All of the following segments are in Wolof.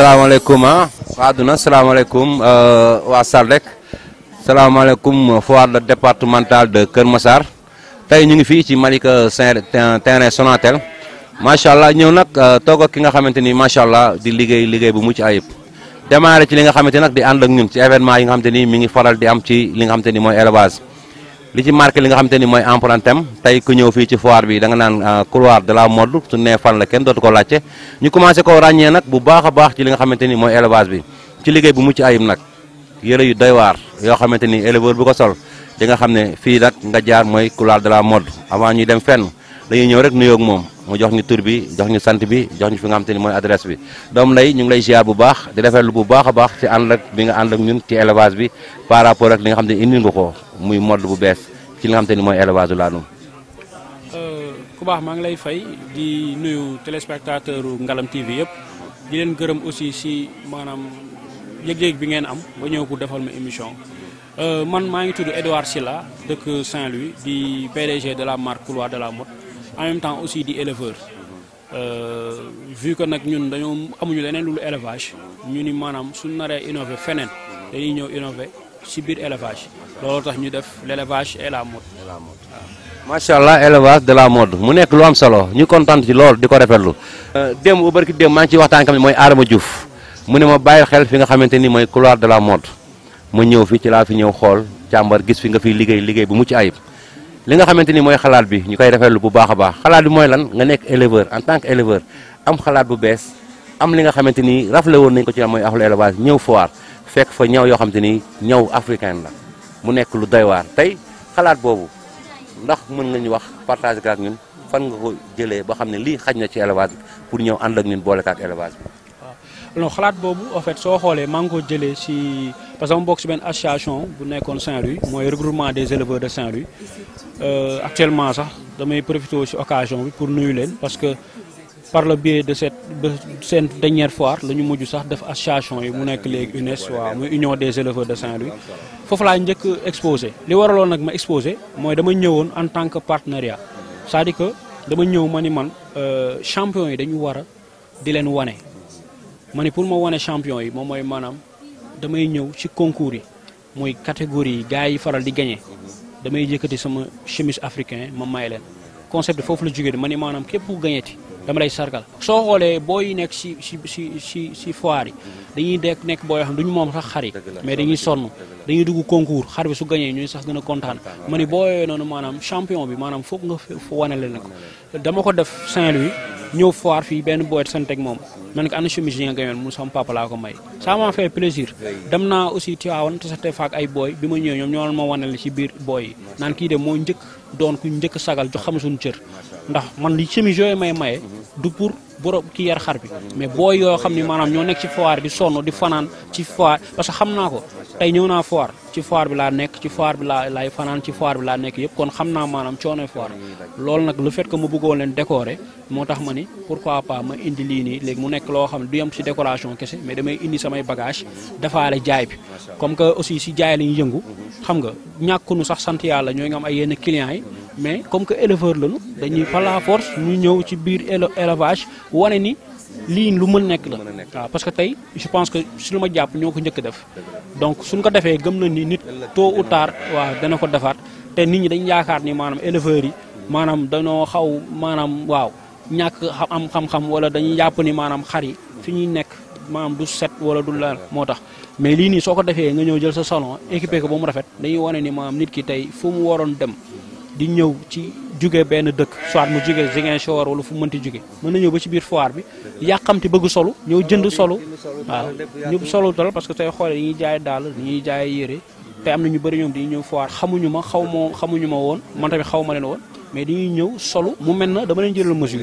salaamaaleykum ah euh, waa àdduna salaamaaleykum waa Sardec salaamaaleykum foire départementale de Kër Massar te ñu ngi fii ci Malika Saint terrain Sonatel macha allah ñëw nag euh, toog ki nga xamante ni macha allah di liggéey liggéey bu mucc ayib. démarré ci li nga xamante nag di ànd ak ñun ci événement yi nga xamante ni mi ngi faral di am ci li nga xamante ni mooy élevage. li ci marqué li nga xamante ni mooy empreinte am tey ku ñëw fii ci foire bi da naan ah, couloir de la mode su nee fan la kenn dootu ko laajte ñu commencé ko ràññee nag bu baax a baax ci li nga xamante ni mooy élevage bi ci liggéey bu mucc ayib nag yëre yu doy waar yoo xamante ni éleveur bu ko sol di nga xam ne fii nag nga jaar mooy couloir de la mode avant ñuy dem fenn dañuy ñëw rek nuyoog moom mu jox ñu tur bi jox ñu sant bi jox ñu fi nga xam te ni mooy adresse bi doom lay ñu ngi lay ziar bu baax di rafetlu bu baax a baax ci ànd ak bi nga ànd ak ñun ci élevage bi par rapport ak li nga xam ne indi nga ko muy mod bu bees ci li nga xam te ni mooy élevage laanum euh, ku baax maa ngi lay fay di nuyu téléspectateur ngalam tv yëpp di leen gërëm aussi si maanaam yëg-yëg bi ngeen am ba ñëw pour defal ma émission euh, man maa ngi tudd Edouard Silla dëkk Saint-Louis di PDG de la marque Couloir de la Motte en même temps aussi di éleveur euh, vu que nak ñun dañu amuñu leneen lu élevage ñu ni manam suñ naré innover fenen dañuy ñëw innover ci biir élevage lolu tax ñu def l'élevage et la mode. la mode machallah élevage de la mode mu nekk lu am solo ñu contente ci lool diko rafetlu. Euh, dem bu barki dem ma ci waxtaan kam moy arama Adama Diouf mu ne ma bayil xel fi nga xamanteni moy couloir de la mode mu ñëw fi ci la fi ñëw xol càmbar gis fi nga fi liggey liggey bu mu ci ayib. li nga xamante ni mooy xalaat bi ñu koy rafetlu bu baax a baax xalaat bi mooy lan nga nekk éleveur en tant que éleveur am xalaat bu bees am li nga xamante ni rafle woon nañ ko ci am mooy axlu élevage ñëw foire fekk fa ñaw yoo xamante ni ñaw africain la mu nekk lu doy waar tey xalaat boobu ndax mën nga ñu wax partage ak ñun fan nga ko jëlee ba xam ne lii xaj na ci élevage pour ñëw ànd ak ñun boolekaat élevage bi. waaw non xalaat boobu en soo xoolee parce que ma bokk à association bu nekkoon Saint-Louis un regroupement des éleveurs de Saint-Louis euh, actuellement je profite profité de occasion pour nous parce que par le biais de cette dernière fois, nous avons fait sax def association yi mu des éleveurs de Saint-Louis foofu laa que exposé li que nous ma exposé que dama ñëwoon en tant que partenariat c'est-à-dire que dama ñëw venu ni man euh, champion yi dañu nous a di pour moi, champion yi damay ñëw ci concours yi mooy catégorie yi gars yi faral di gagné damay yëkkati sama chemise africain ma may leen concept bi foofu la jógee ma ni maanaam képp ku gañeeti dama lay sargal soo xoolee booy nekk si si si si si foire yi dañuy dekk nekk boo xam duñu moom sax xar yi mais dañuy sonn dañuy dugg concours xar bi su gañee ñuy sax gën a kontaan ma ni boo yooyee noonu maanaam champion bi maanaam foog nga fu wane leen ko dama ko def saint ñëw foire fii benn boet santek moom man ko ana chemise yi nga gañoon mu sama papa laa ko may ça m'a fait plaisir dem naa aussi Tivaouane te sax te faak ay booy bi ma ñëwee ñoom ñoo ma wanale ci biir booy yi naan kii de moo njëkk doon ku njëkk sagal jox xam suñu cër ndax man li chemise yooyu may maye du pour borom ki yar xar bi mais booy yoo xam ne maanaam ñoo nekk ci foire di sonn di fanaan ci foire parce que xam naa ko tey ñëw naa foire ci foire bi laa nekk ci foire bi laa nekk yëpp kon xam naa maanaam coono foire loolu nag le fait que ma bëggoon leen décorer moo tax ma ni pourquoi pas ma indi lii nii léegi mu nekk loo xam ne du yem si décoration kese mais damay indi samay bagage dafaale jaay bi comme que aussi si jaay lañu yëngu xam nga ñàkkunu sax sant yàlla ñooy nga am ay yenn clients yi mais comme que éleveur lañu dañuy par la force wane ni lii lu mën nekk la waaw parce que tey je pense que suñu ma jàpp ñoo ko njëkk def donc suñ ko defee gëm na ni nit tôt ou tard waaw dana ko defaat te nit ñi dañ yaakaar ni maanaam éleveurs yi maanaam dañoo xaw maanaam waaw ñàkk am xam-xam wala dañuy jàpp ni maanaam xar yi fi ñuy nekk maanaam du set wala du la moo tax mais lii nii soo ko defee nga ñëw jël sa salon équipé ko ba mu rafet dañuy wane ni maam nit ki tey fu mu waroon dem di ñëw ci jóge benn dëkk soit mu jóge Ziguinchor wala fu mënti jóge mën na ñëw ba ci biir foir bi yàqamti bëgg solu ñëw jënd solu waaw ñëw solu dal parce que tey xoolee dañuy jaay daal ñuy jaay yére te am na ñu bëri ñoom dañuy ñëw foire xamuñu ma xaw ma xamuñu ma woon man tamit xaw ma leen woon mais dañuy ñëw solo mu mel na dama leen jëlal mesure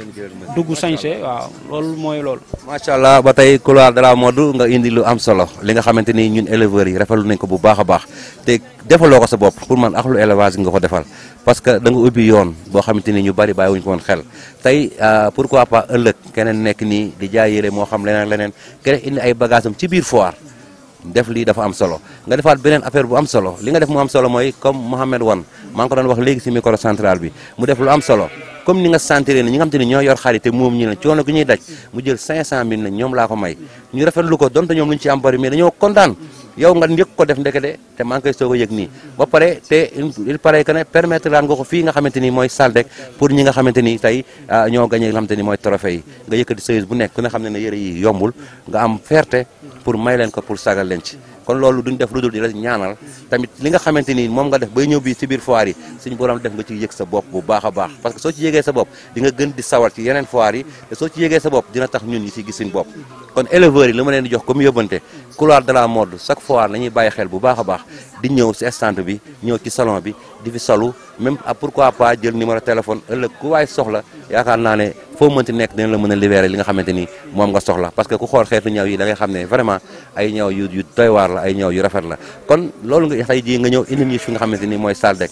dugg sañse waaw loolu mooy loolu macha allah ba tey couloir de la mode nga indi lu am solo li nga xamante ni ñun éleveur yi rafetlu nañ ko bu baax a baax te defaloo ko sa bopp pour man axlu élevage nga ko defal parce que da nga ubbi yoon boo xamante ni ñu bari bàyyiwuñ ko woon xel tey euh, pourquoi pas ëllëg keneen nekk nii di jaay yére moo xam leneen leneen keneen indi ay bagage am ci biir foire def lii dafa am solo nga defaat beneen affaire bu am solo li nga def mu am solo mooy comme Mohamed Wan maa ngi ko doon wax léegi si micro central bi mu def lu am solo comme ni nga sentiré ni ñi nga xam ñoo yor xarité moom ñi la coono gu ñuy ñoom laa ko may ñu rafetlu ko donte ñoom lu ñu ci am bari mais dañoo kontaan yow nga njëkk ko def ndekete te maa ngi koy soog a yëg nii ba pare te il paraît que ne permettre laan nga ko fii nga xamante ni mooy salle rek pour ñi nga xamante ni tey ah, ñoo gagné nga xamante ni mooy trophée yi nga yëkkati service bu nekk ku ne xam ne ne yëre yi yombul nga am fierté pour may leen ko pour saaga leen ci kon loolu duñ def lu ludul di la ñaanal tamit li nga xamante ni moom nga def bay ñëw bi si biir foire yi suñu borom def nga ci yëg sa bopp bu baax a baax parce que soo ci yëgee sa bopp di gën di sawar ci yeneen foire yi te soo ci dina tax ñu ñi si gis suñu bopp kon éleveurs yi li ma leen di jox comme yóbbante couloir de la mode chaque foire nañuy bàyyi xel bu baax a baax di ñëw si stand bi ñëw ci salon bi di fi salu même ah, quoi pas jël numéro téléphone ëllëg ku waay soxla yaakaar naa ne foo mënti nek dina la mën a libérer li nga xamanteni mom nga soxla parce que ku xor xeetu ñaw yi da ngay xamné vraiment ay ñaw yu yu toy war la ay ñaw yu rafet la kon lolu nga xay di nga ñew indi ñu fi nga xamanteni moy mooy Saldek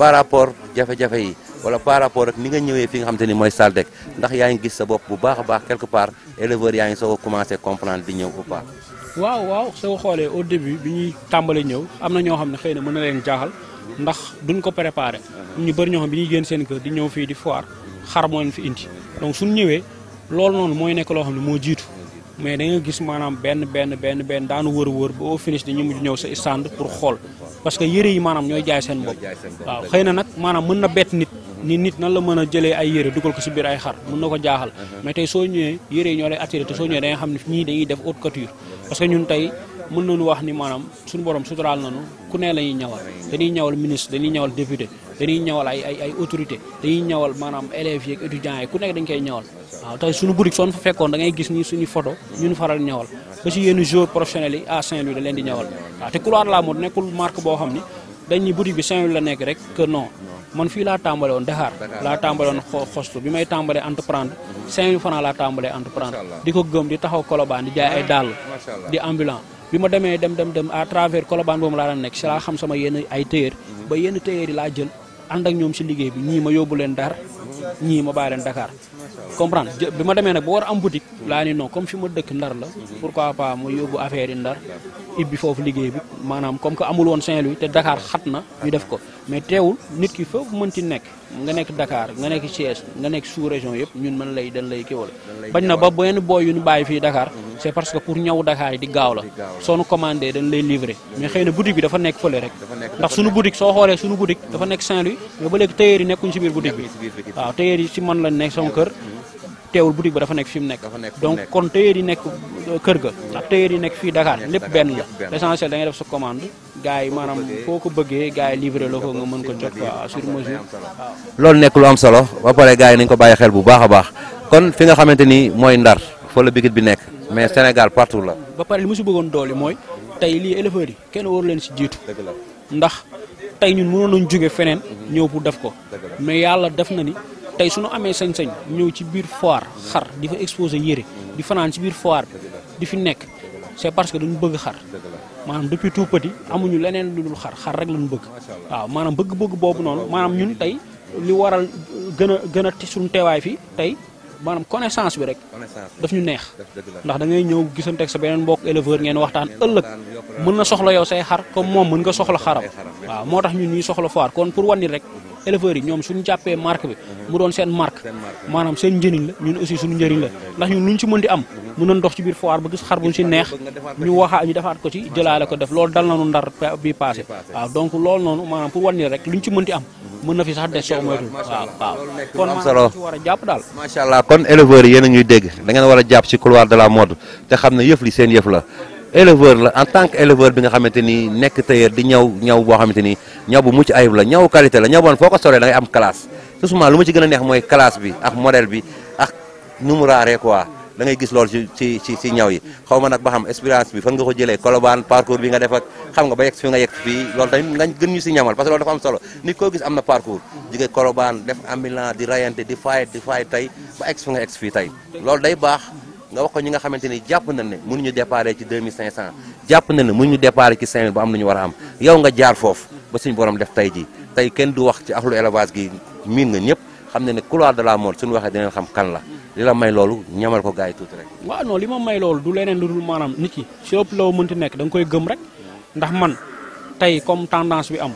par rapport jafé jafé yi wala par rapport ak ni nga ñewé fi nga xamanteni moy mooy Saldek ndax yaa ngi gis sa bop bu baax baax quelque part éleveur yaa ngi soko commencer comprendre di ñew ou pas waaw waaw so xolé au début bi ñuy tambalé ñew amna ño xamné xeyna mëna leen jaaxal ndax duñ ko préparer uh-huh. ñu bari ño xam bi ñuy gën seen kër di ñew fi di foire xar moo leen fi indi donc suñu ñëwee loolu noonu mooy nekk loo xam ne moo jiitu mais da gis maanaam benn benn benn benn daanu wër wër ba au finish dañu mujj ñëw sa stand pour xool parce que yére yi maanaam ñooy jaay seen bopp waaw xëy na nag maanaam mën na bett nit ni nit nan la mën a jëlee ay yére dugal ko si biir ay xar mën na ko jaaxal mais tey soo ñëwee yére yi ñoo lay attiré te soo ñëwee da nga xam ne ñii dañuy def haute couture parce que ñun tey mën nañu wax maanaam suñu borom suturaal nañu ku ne la ñuy ñawal dañuy ñawal ministre dañuy ñawal député dañuy ñawal ay ay autorité dañuy ñawal manam élève yi étudiant yi ku nekk dañ koy ñawal waaw tay suñu boutique soon fa fekkon da ngay gis ni suñu photo ñun faral ñawal ba ci yeen jour professionnel yi à Saint-Louis da leen di ñawal waaw té couloir la mod nekkul marque boo xam ni dañuy boutique bi Saint-Louis la nekk rek que non man fi la tambalé won Dakar la tambalé won xostu bi may tambalé entreprendre cinq mille francs la tambalé entreprendre diko gëm di taxaw koloban di jaay ay ah, dal di ambulant bi ma demee dem dem dem à travers kolobaan boobu la daan nekk si laa xam sama yenn ay téyër ba yenn téyër yi laa jël ànd ak ñoom si liggéey bi ñii ma yóbbu leen dar ñii ma bàyyi leen Dakar comprendre bi ma demee nag ba war am boutique laa ni non comme fi ma dëkk Ndar la pourquoi pas ma yóbbu affaire yi Ndar ibbi foofu liggéey bi maanaam comme que amul woon Saint-Louis te Dakar xat na ñu def ko mais teewul nit ki foofu mënti nekk nga nekk Dakar nga nekk Thiès nga nekk sous région yëpp ñun mën lay dañ lay kiwal bañ na ba benn booy yu ñu bàyyi fii Dakar mhm. c'est parce que pour ñëw Dakar yi di gaaw la soo nu commandé dañ lay livré mais xëy na bi dafa nekk fële rek ndax suñu boutique soo xoolee suñu boutique mhm. dafa nekk Saint-Louis mais ba léegi tailleur teewul boutique ba dafa nekk fi mu nekk donc kon tailleur yi nekk kër ga ndax tailleur yi nekk fii Dakar lépp benn la l'essentiel da def sa commande gars yi foo ko bëggee gars yi livré la ko nga mën ko jot quoi sur mesure loolu nekk lu am solo ba pare gars yi nañ ko bàyyi xel bu baax a baax kon fi nga xamante ni mooy Ndar fa la bigit bi nekk mais Sénégal partout la ba pare li mu si bëggoon doole mooy tey lii éleveurs yi kenn waru leen si jiitu ndax tey ñun mënoon nañ jóge feneen mhm. ñëw pour def ko Tay suñu amé sañ-sañ ñew ci har, foire xar di fa exposé yére di fanaan ci bir foire di fi nek c'est parce que duñu bëgg xar manam depuis tout petit amuñu leneen lu dul xar xar rek lañu bëgg waaw manam bëgg-bëgg bobu non manam ñun tay li waral gëna gëna gën suñu téway fi tay manam connaissance bi rek daf ñu neex ndax da ngay gisante ak sa benen mbokk éleveur ngeen waxtaan ëlëk mëna soxla yow say xar comme mom mën nga soxla xaram waaw motax ñun ñi soxla foire kon pour wani rek éleveurs yi ñoom suñu jàppee marque bi mu doon seen marque maanaam seen njëriñ la ñun aussi suñu njëriñ la ndax ñun luñ ci mën di am mën mhm. nañ dox biir foire ba gis xar buñ si neex ñu waxaa ko ci jëlaale ko def loolu dal nañu ndar bi loolu noonu maanaam pour wan luñ ci mën di am mhm. mën na fi sax des soo moytu waaw waaw kon maanaam a jàpp daal macha allah kon éleveurs yi a ñuy dégg da ngeen war a jàpp ci couloir de la mode te xam ne yëf li seen yëf la éleveur la en tant que éleveur bi nga xamante ni nekk tailleur di ñaw ñaw bo xamante ni ñaw bu mucc ayib la ñaw qualité la ñaw boo foo da ngay am classe tout souvent luma ci gëna neex moy classe bi ak model bi ak numu raré quoi da ngay gis lool ci ci ci ñaw yi xawma nak ba xam experience bi fa nga ko jëlé kolobaan parcours bi nga def ak xam nga ba yex fi nga yex fi lool tamit nga gën ñu ci ñamal parce que lool dafa am solo ni ko gis amna parcours jige kolobaan def ambulant di rayante di fight di fight tay ba ex fi nga ex fi tay lool day bax nga wax ko ñi nga xamante ni jàpp nañ ne mënuñu déparé ci 2500 jàpp nañ ne mënuñu déparé ci 5000 ba am lu ñu war a am yow nga jaar foofu ba suñu borom def tey ji tey kenn du wax ci axlu élevage gi miin nga ñëpp xam ne ne couloir de la mort suñu waxee dinañ xam kan la li la may loolu ñamal ko gars tuuti rek waaw non li ma may loolu du leneen lu dul maanaam nit ki si ëpp loo mënti nekk da nga koy gëm rek ndax man tey comme tendance bi am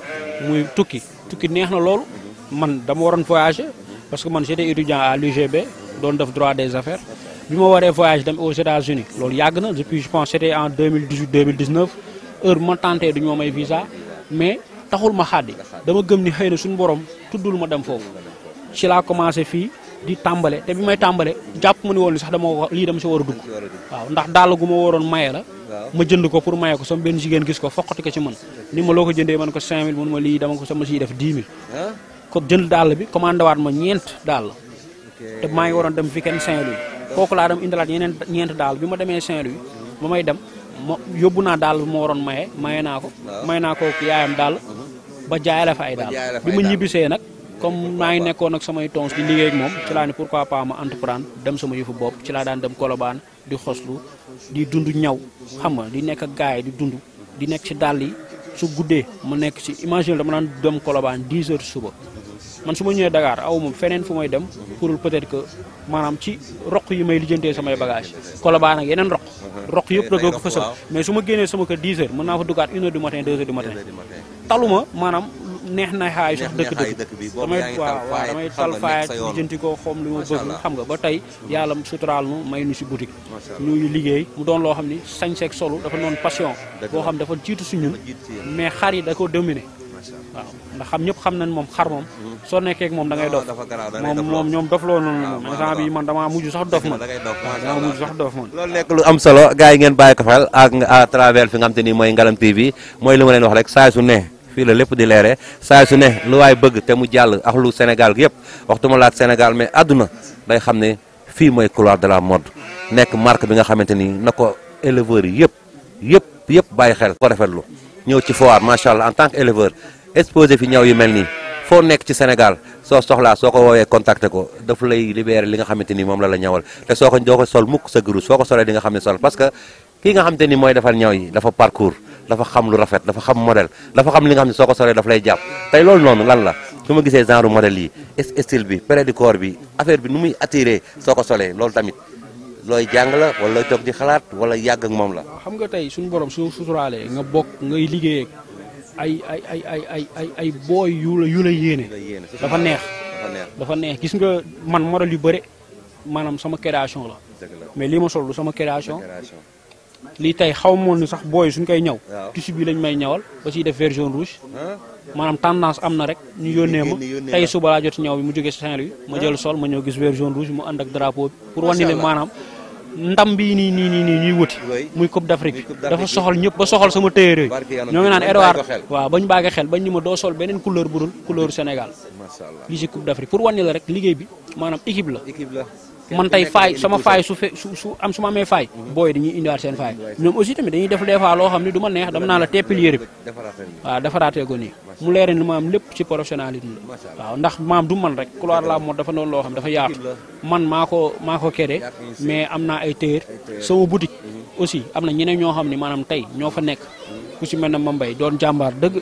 muy tukki tukki neex na loolu man dama waroon voyager parce que man j'étais étudiant à l'UGB doon def droit des affaires bima waré voyage dem aux États-Unis lolou yag na depuis je pense c'était en 2018 2019 heure ma tenté du ñu may visa mais taxul ma xadi dama gëm ni xeyna suñu borom tuddul ma dem fofu ci la commencé fi di tambalé té bima tambalé japp mu ni won sax dama li dama ci wara a dugg waaw ndax dàll guma waron maye la ma jënd ko pour maye ko sama ben jigen gis ko fokkati ko ci man ni ma loko jëndé man ko 5000 mun ma li dama ko sama ci def 10000 ah. ko jënd dal bi commandé waat ma ñent dal té maa ngi dem fi ken 5000 kooku laa dem indilaat yeneen ñeent daal bi ma demee Saint-Louis ba may dem ma yóbbu naa daal bu ma waroon maye maye naa ko maye naa kooku yaayam daal ba jaay la fa ay daal bi ma ñibbisee nag comme maa ngi nekkoon ak samay tons di liggéey ak moom ci laa ne pourquoi pas ma entreprendre dem sama yëfu bopp ci laa daan dem Colobane di xoslu di dund ñaw xam nga di nekk ak yi di dund di nekk ci dàll yi su guddee ma nekk ci imagine dama daan dem kolobaan 10 heures suba man su maanaam ci roq yi may lijjantee samay bagage Colobane ak yeneen roq mhm. roq yëpp dagoo ko fësal mais su ma génnee sama kër 10 heures mën naa fa duggaat une heure du matin deux taluma maanaam neex na xaay sax dëkk-dëkk bi damay waaw waa damay tal faayet lijjanti ko xoom li ma bëgg xam nga ba tey yàlla suturaal nu may nu si boutique ñuy liggéey mu doon loo xam ni sañseeg solu dafa noon passion boo xam dafa jiitu si ñun mais xar yi da ko dominer waaw ndax xam ñëpp xam nañ moom xar moom soo nekkee moom dangay ngay dof moom moom ñoom dof loo noonu moom instant bi man damaa mujj sax dof man damaa mujj sax dof man loolu nekk lu am solo gars yi ngeen bàyyi ko xel ak à travers fi nga xam te ni mooy Ngalam TV mooy li ma leen wax rek saa su ne fii la lépp di leere saa su ne lu waay bëgg te mu jàll ak lu Sénégal gi yëpp waxtuma laat Sénégal mais àdduna day xam ne fii mooy couloir de la mode nekk marque bi nga xamante ni na ko éleveurs yi yëpp yëpp yëpp bàyyi xel ko ñëw ci foire macha en tant que éleveur exposé fi ñaw yu mel nii foo nekk ci Sénégal soo soxlaa soo ko woowee contacté ko daf lay libéré li nga xamante ni moom la la ñawal te soo ko doo ko sol mukk sa guru soo ko solee di nga xam ne sol parce que kii nga xamante ni mooy defar ñaw yi dafa parcours dafa xam lu rafet dafa xam modèle dafa xam li nga xam ne soo ko solee daf lay jàpp tey loolu noonu lan la su ma gisee genre modèle yi style bi près du looy jàng la wala looy toog di xalaat wala yàgg moom la. xam nga tey suñ borom su suturaalee nga bokk ngay liggéey ay ay ay ay ay ay ay booy yu la yu la yéene. dafa neex dafa neex. dafa neex gis nga man modèle yu bëre maanaam sama création la. mais lii ma sol du sama création. lii tey xaw moon ni sax booy suñ koy ñaw tissu bii lañ may ñawal ba siy def version rouge maanaam tendance am na rek ñu yónnee ma tey suba laa jot ñëw bi mu jógee Saint-Louis ma jël sol ma ñëw gis version rouge mu ànd ak drapeau bi pour wane leen maanaam ndam bi nii nii nii ñuy wuti muy coupe d'Afrique dafa soxal ñëpp ba soxal sama téere yooyu ñoo ngi naan Edouard waaw bañ baage xel bañ ni ma doo sol beneen couleur bu dul couleur Sénégal lii si coupe d'Afrique pour wane la rek liggéey bi maanaam équipe la man tey faay sama faay su fe su su am su ma amee faay mm-hmm. booy dañuy indiwaat seen faay mm-hmm. ñoom aussi tamit dañuy def des fois loo xam ne du ma neex dama naa la teppil yére bi waaw defaraatee ko nii mu leere ni maam lépp ci professionnalisme la waaw ndax maam du man rek couloir la moom dafa noonu loo xam dafa yaatu man maa ko maa ko kere mais am naa ay téer sama boutique mm-hmm. aussi am na ñeneen ñoo xam ne maanaam tey ñoo fa nekk ku si mel ne ma mbay doon jàmbaar dëgg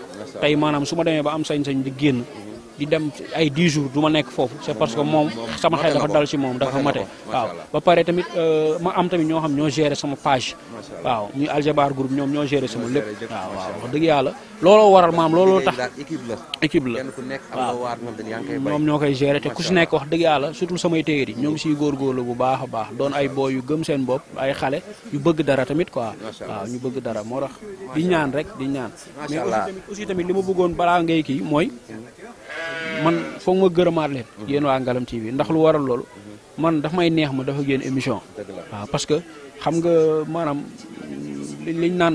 tey maanaam su ma demee ba am sañ-sañ di génn di dem ay 10 jours duma nek fofu c'est parce que mom sama xel dafa dal ci mom dafa maté waaw ba paré tamit euh ma am tamit ño xam ño gérer sama page waaw ñu aljabar groupe ñom ño gérer sama lepp waaw waaw wax deug yalla lolo waral maam lolo tax équipe la équipe la nek am lo war ñom dañ waaw ñoom ñoo koy gérer té ku ci nek wax deug yalla surtout sama téyër ñom ci gor gor lu bu baax baax doon ay boy yu gëm seen bop ay xalé yu bëgg dara tamit quoi waaw ñu bëgg dara mo tax di ñaan rek di ñaan mais aussi tamit li ma bëggoon bala ngay ki moy man foog ma gërëmaat leen yéen waa Ngalam TV ndax lu waral loolu man dafa may neex ma dafa génn émission waaw parce que xam nga maanaam liñ naan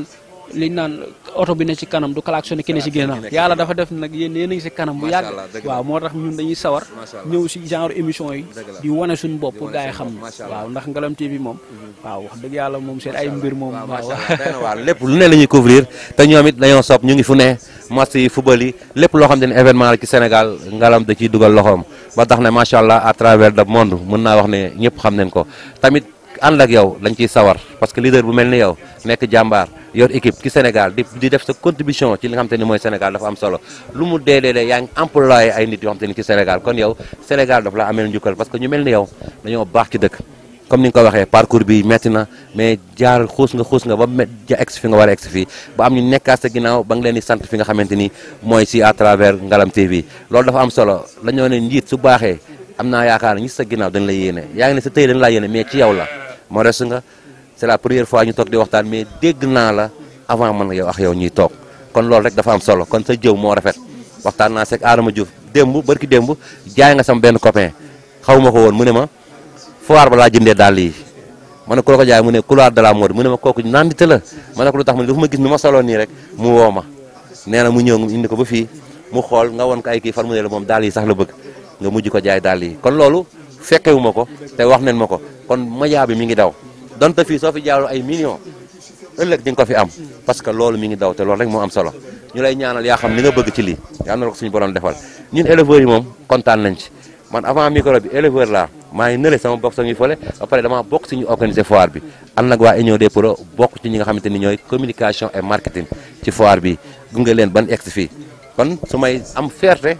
li naan oto bi ne ci kanam du klaxonné ki ne ci ginnaaw yàlla dafa def nag yéen yéen a ngi ci kanam bu yàgg waaw moo tax ñun dañuy sawar ñëw ci genre émission yi di wane suñu bopp gars yi xam ne waaw ndax Ngalam TV moom mhm. waaw wax dëgg yàlla moom seen ay mbir moom waaw lépp lu ne la ñuy couvrir te ñoom it dañoo sopp ñu ngi fu ne match yi football yi lépp loo xam ne événement la ci Sénégal Ngalam da ciy dugal loxoom ba tax ne macha allah à travers le monde mën naa wax ne ñëpp xam nañ ko tamit ànd ak yow dañ ciy sawar parce que leader bu mel ni yow nekk jàmbaar yor équipe ci Sénégal di di def sa contribution ci li xam te ni mooy Sénégal dafa am solo lu mu dee dee yaa ngi employé ay nit yoo xam te ni ci Sénégal kon yow Sénégal dafa la amee njukkal parce que ñu mel ni yow dañoo baax ci dëkk comme ni nga ko waxee parcours bi metti na mais jaar xuus nga xuus nga ba met ja egsi fi nga war a fii ba am ñu nekkaat sa ginnaaw ba nga leen di sant fi nga xamante ni mooy si à travers Ngalam TV loolu dafa am solo la ñoo ne njiit su baaxee am naa yaakaar ñi sa ginnaaw dañ la yéene yaa ngi ne tey dañ la yéene mais ci yow la moo c'est la première fois ñu toog di waxtaan mais dégg naa la avant man yow ak yow ñuy toog kon loolu rek dafa am solo kon sa jëw moo rafet waxtaan naa seeg Adama Diouf démb barki démb jaay nga sama benn copain xawuma ko woon mu ne ma foire ba laa jënde dàll yi ma ne ku ko jaay mu ne couloir de la mode mu ne ma kooku nandite la ko lu tax ma ne ma gis nu ma solo nii rek mu woo ma nee na mu ñëw indi ko ba fii mu xool nga won ko ay kii fan mu ne la moom daal yi sax la bëgg nga mujj ko jaay dàll yi kon loolu fekkewu ma ko te wax nen ma ko kon mayaa bi mi ngi daw donte fii soo fi jaaroo ay millions ëllëg di ko fi am parce que loolu mu ngi daw te loolu rek moo am solo ñu lay ñaanal yaa xam li nga bëgg ci lii yaa na ko suñu borom defal ñun éleveurs yi moom kontaan nañ ci man avant micro bi éleveur laa maa ngi nële sama bokk sangi fële ba pare damaa bokk si ñu organiser foire bi ànd ak waa union des pro bokk ci ñi nga xamante ni ñooy communication et marketing ci foire bi gunge leen ban egsi fii kon su may am fierté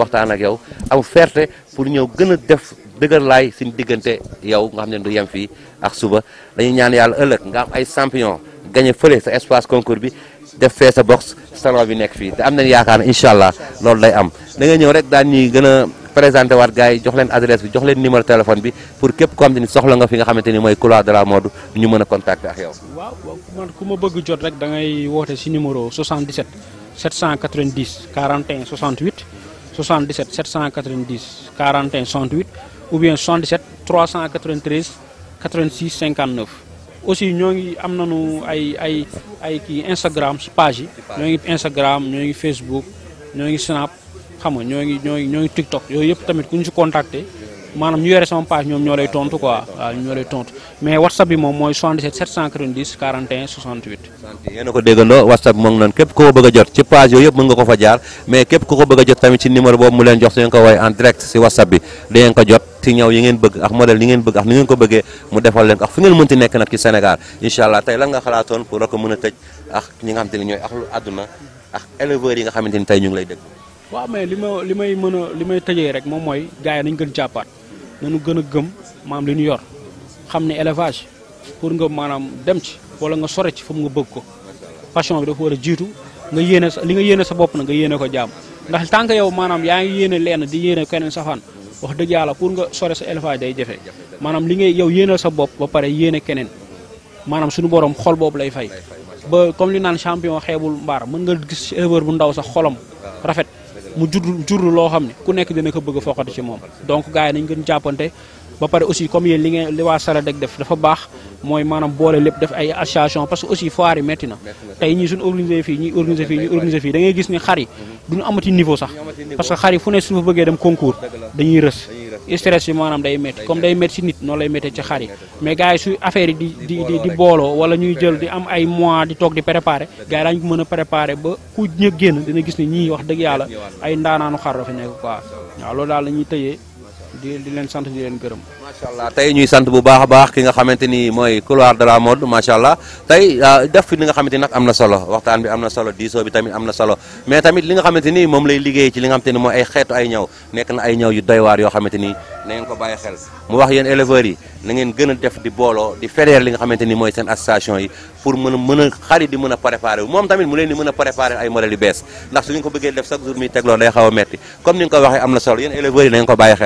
waxtaan ak yow am fierté pour ñëw gën a def deugar lay suñu diggante yow nga xam du yam fi ak suba dañuy ñaan yalla ëlëk nga am ay champion gagner feulé sa espace concours bi def fé sa box salon bi nek fi te am nañ yaakaar inshallah allah loolu day am da nga ñëw rek daan ñi gëna a présenté waat jox leen adresse bi jox leen numéro téléphone bi pour képp ko xam ni soxla nga fi nga xamante ni mooy couloir de la mode ñu mëna contact ak yow. waaw man ku ma bëgg jot rek da ngay woté ci numéro 77 790 41 68 77 790 41 68. ou bien 77 393 86 59. aussi ñoo ngi am nañu ay ay ay kii Instagram page yi. ñoo ngi Instagram ñoo ngi Facebook ñoo ngi Snap xam nga ñoo ngi ñoo ngi ñoo ngi TikTok yooyu yëpp tamit ku ñu si contacter. maanaam ñu yore sama page ñoom ñoo lay tontu quoi waaw ñoo lay tontu mais whatsapp bi moom mooy 77 790 41 68. yéen a ko déggandoo moo ngi noonu képp ko bëgg a jot yooyu yëpp mën nga ko fa jaar mais képp ku ko bëgg jot tamit ci numéro boobu mu leen jox su ngeen ko woowee en direct si whatsapp bi dangeen ko jot. ci ñaw yi ngeen bëgg ak modèle yi ngeen bëgg ak ni ngeen ko bëggee mu defal leen ko ak fu ngeen mënti nekk nag ci Sénégal incha allah tey nga xalaatoon pour rek mën a tëj ak nga xamante ni ñooy tey ñu ngi lay dégg waaw mais li ma may mën a li may tëjee rek moom mooy gars yi nañ gën jàppaat nañu gën a gëm maam li ñu yor xam ne élevage pour nga maanaam dem ci wala nga sore ci fu mu nga bëgg ko passion bi dafa war a jiitu nga yéene sa li nga yéene sa bopp na nga yéene ko jaam wax dëgg yàlla pour nga sore sa élevage day jafe maanaam li ngay yow yéenal sa bopp ba pare yéene keneen maanaam suñu borom xol boobu lay fay ba comme li naan champion xeebul mbaar mën nga gis éleveur bu ndaw sax xolam rafet mu jur jur loo xam ne ku nekk dina ko bëgg a foqati ci moom donc gars yi nañ gën jàppante ba pare aussi comme yéen li ngeen li waa def dafa baax mooy maanaam boole lépp def ay association parce que aussi foire yi métti na tey ñii suñu organisé fii ñuy organisé fii ñuy gis ni xar yi mhm. duñu amati niveau sax parce que xar yi fu ne suñu fa bëggee dem concours dañuy rës stress yi maanaam day métti comme day métti si nit noonu lay métti ci xar yi mais gars yi su affaire yi di di booloo wala ñuy jël di am ay mois di toog di préparer gars yi daañu a préparer ba ku ñë génn dina gis ni ñii wax dëgg yàlla ay ndaanaanu xar di di leen sant di leen gërëm. macha allah tey ñuy sant bu baax a baax ki nga xamante ni mooy couloir de la mode macha allah tey euh, def fi li nga xamante ni am na solo waxtaan bi am na solo diisoo bi tamit am na solo mais tamit li nga xamante ni moom lay liggéey ci li nga xamante ni mooy ay xeetu ay ñaw nekk na ay ñaw yu doy yoo xamante ni na ngeen ko bàyyi xel mu wax yéen éleveurs yi na ngeen gën a def di booloo di fédérer li nga xamante ni mooy seen association pour a a xarit di mën a préparer a préparer ay modèles yu bees ndax su ngeen ko bëggee def a metti comme ni nga ko waxee am na ko bàyyi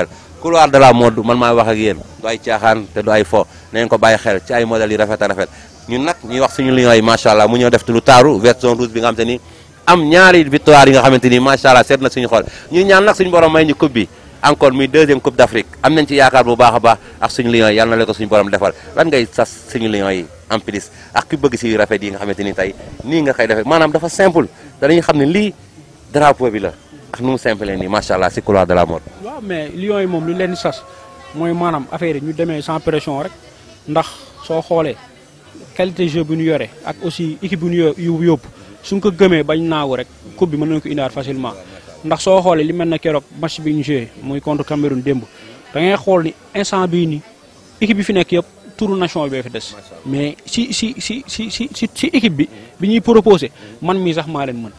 couloir de la mode man maay wax ak yeen du ay tiaxan te du ay fo na ngeen ko baye xel ci ay modèles yi rafet rafet ñun nak ñi wax suñu ma sha allah mu ñëw def lu taru vert zone rouge bi nga xamanteni am ñaari victoire yi nga xamanteni ma sha allah seet na suñu xol ñu ñaan nak suñu borom may ñu coupe bi encore muy deuxième coupe d'Afrique am nañ ci yaakar bu baaxa baax ak suñu lion yi yàlla na la ko suñu borom defal lan ngay sas suñu lion en plus ak ku bëgg ci rafet yi nga tay ni nga koy def manam dafa simple dañuy xamni li drapeau bi la ak nu mu simple nii macha allah si couloir de la mort. waaw mais lions yi moom lu leen sas mooy maanaam affaire ñu demee sans pression rek ndax soo xoolee qualité jeu bu ñu yore ak aussi équipe bu ñu yu yóbbu suñ ko gëmee bañ naagu rek coupe bi mën nañu ko indaar facilement ndax soo xoolee li mel na keroog match bi ñu joué muy contre Cameroun démb da ngay xool ni instant bii nii équipe bi fi nekk yëpp tour nation bi fi des. mais si si si si si si si bi bi ñuy proposé man mii sax maa leen mën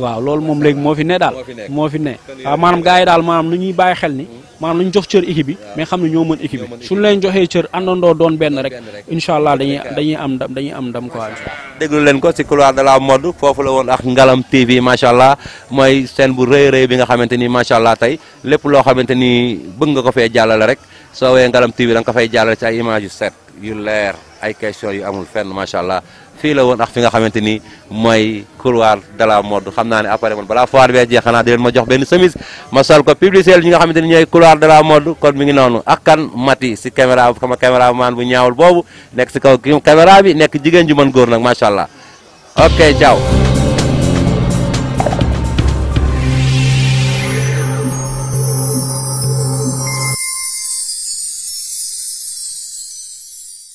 waaw loolu moom léegi moo fi ne daal moo fi ne waaw ah, maanaam gars yi daal maanaam lu ñuy bàyyi xel ni maanaam lu ñu jox cër équipe bi mais xam ne ñoo mën équipe bi suñu leen joxee cër àndandoo doon benn rek incha allah dañuy dañuy am ndam dañuy am ndam quoi déglu leen ko ci couloir de la foofu la woon ak Ngalam TV macha allah mooy seen bu rëy rëy bi nga xamante ni macha allah tey lépp loo xamante ni bëgg nga ko fee jàllale rek soo wee Ngalam TV da ko fay jàllale ci ay image yu set leer ay question yu amul fenn macha allah fii la woon ak fi nga xamante ni mooy couloir de la xam naa ne après man balaa foire bee jeex di ma jox benn chemise ma sol ko publicité ñi nga xamante ni ñooy couloir de la mode kon mi ngi noonu ak kan mati si caméra sama caméraman bu ñaawul boobu nekk si kaw caméra bi nekk jigéen ju mën góor nag macha allah ok ciao.